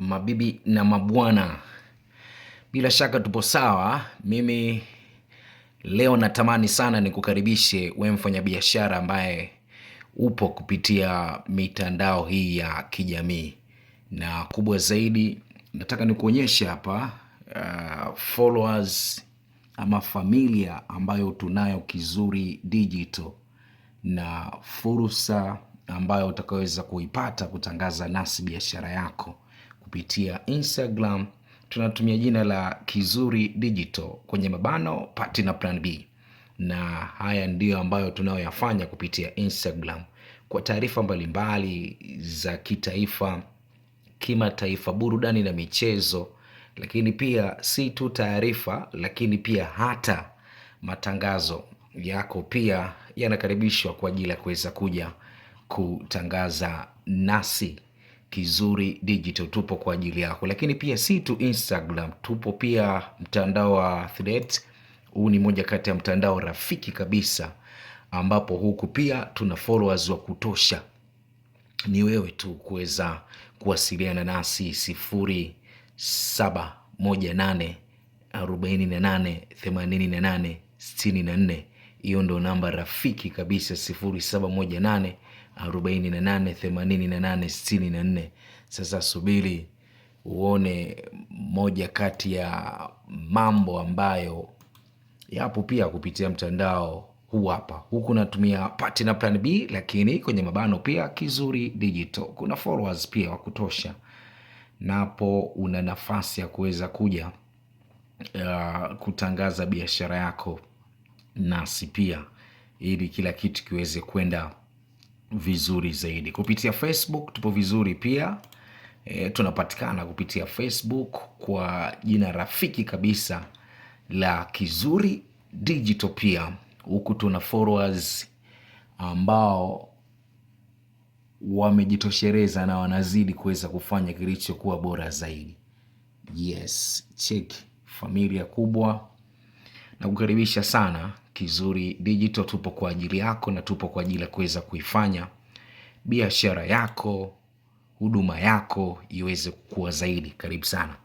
mabibi na mabwana, bila shaka tupo sawa. Mimi leo natamani sana nikukaribishe we mfanyabiashara ambaye upo kupitia mitandao hii ya kijamii, na kubwa zaidi nataka nikuonyeshe hapa uh, followers ama familia ambayo tunayo Kizuri Digital na fursa ambayo utakaweza kuipata kutangaza nasi biashara yako kupitia Instagram tunatumia jina la Kizuri Digital kwenye mabano Partner Plan B, na haya ndiyo ambayo tunayoyafanya kupitia Instagram kwa taarifa mbalimbali za kitaifa, kimataifa, burudani na michezo, lakini pia si tu taarifa, lakini pia hata matangazo yako pia yanakaribishwa kwa ajili ya kuweza kuja kutangaza nasi. Kizuri Digital tupo kwa ajili yako, lakini pia si tu Instagram, tupo pia mtandao wa Threads. Huu ni moja kati ya mtandao rafiki kabisa, ambapo huku pia tuna followers wa kutosha. Ni wewe tu kuweza kuwasiliana nasi sifuri saba moja nane arobaini na nane themanini na nane sitini na nne. Hiyo ndo namba rafiki kabisa, sifuri saba moja nane arobaini na nane themanini na nane sitini na nne Sasa subiri uone moja kati ya mambo ambayo yapo pia kupitia mtandao huu hapa. Huku natumia patna Plan B, lakini kwenye mabano pia Kizuri Digital kuna followers pia wa kutosha, napo una nafasi ya kuweza kuja uh, kutangaza biashara yako nasi pia, ili kila kitu kiweze kwenda vizuri zaidi. Kupitia Facebook tupo vizuri pia. E, tunapatikana kupitia Facebook kwa jina rafiki kabisa la Kizuri Digital pia. Huku tuna followers ambao wamejitoshereza na wanazidi kuweza kufanya kilichokuwa bora zaidi. Yes, check familia kubwa na kukaribisha sana Kizuri Digital tupo kwa ajili yako na tupo kwa ajili ya kuweza kuifanya biashara yako, huduma yako iweze kukua zaidi. Karibu sana.